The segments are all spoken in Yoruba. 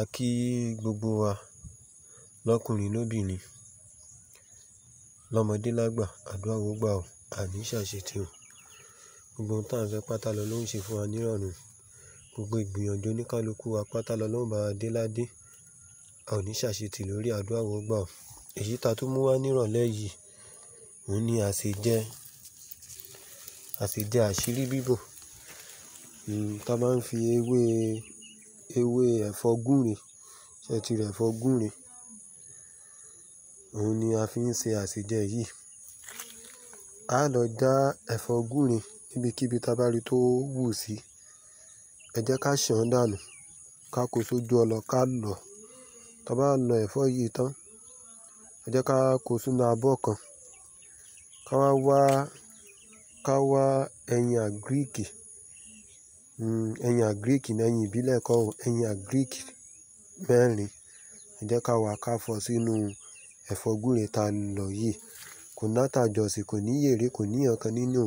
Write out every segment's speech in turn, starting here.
A kí gbogbo wa lọ́kùnrin lóbìnrin, lọ́mọdé lágbà, àdúrà ó gbà o, àní ṣàṣetì o. Gbogbo ohun tí a ń fẹ́ pátá lọlọ́run ṣe fún wa ní ìrọ̀rùn. Gbogbo ìgbìyànjú oníkálukú wa pátá lọlọ́run bá wa dé ládé. A ò ní ṣàṣetì lórí àdúrà ó gbà Èyí ta tún mú wá ní yìí, òun ni àsèjẹ, àsèjẹ àṣírí bíbò. Hmm, ta máa ń fi ewé ewé ẹ̀fọ́ gúre, ṣé ti Òun ni a fi ń ṣe A lọ já ẹ̀fọ́ gúre níbikíbi ta bá rí tó wù sí. Ẹ jẹ́ ká ṣàn dànù, ká kó sójú ọlọ ká lọ. Ta bá lọ ẹ̀fọ́ yìí tán, ẹ jẹ́ ká kó sínú abọ́ kan. Ká wá wá, ká wá ẹyin Hmm, ẹyin agriki na eyin ìbílẹ̀ kọ́ o ẹyin mẹ́rin ẹ jẹ́ ká wá ká fọ sínú ẹ̀fọ́ ta lọ yìí kò nátàjọsí kò ní yèrè kò níyàn kan nínú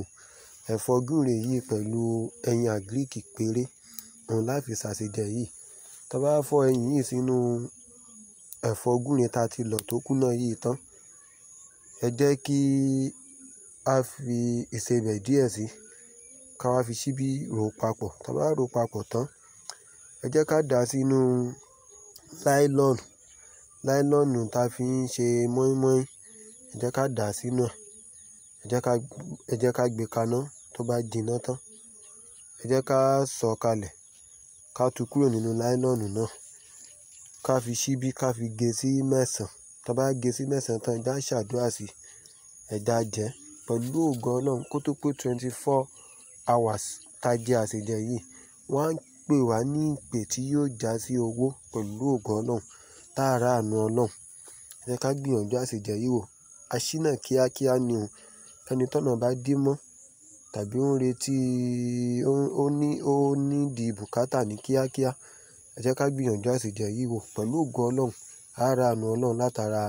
ẹ̀fọ́ gúre yìí pẹ̀lú ẹyin agric péré òun láfi ṣàṣejẹ yìí tá bá fọ ta ti lọ tó yìí tán ẹ jẹ́ a fi díẹ̀ sí i ká wá fi ṣíbí rò papọ̀ tá a bá rò papọ̀ tán ẹ jẹ́ ká dà á sínú láílọ́ọ̀nù láílọ́ọ̀nù tá a fi ń ṣe mọ́ínmọ́ín ẹ jẹ́ ká dà á sínú ẹ̀ ẹ jẹ́ ká ẹ jẹ́ ká gbé kaná tó bá jinná tán ẹ jẹ́ ká sọ kalẹ̀ ká tú kúrò nínú láílọ́ọ̀nù náà ká fi ṣíbí ká fi gé sí mẹ́sàn-án tá a bá gé sí mẹ́sàn-án tán ẹja ṣàdúrà sí ẹja jẹ pẹ̀lú ògo Ọlọ́run kó tó pé twenty four hours tá a jẹ́ àsèjẹ yìí, wọ́n á pè wá ní ìpè tí yóò jásí owó pẹ̀lú ogo Ọlọ́run ta àánú Ọlọ́run. Ẹ ká gbìyànjú àsèjẹ yìí wò. Aṣínà kíákíá ni o. Ẹni tọ́nà bá dí mọ́ tàbí ó ń retí, ó ní, ó ní di bùkátà ní kíákíá. Ẹ ká gbìyànjú yìí wò pẹ̀lú ògo Ọlọ́run. àánú Ọlọ́run látara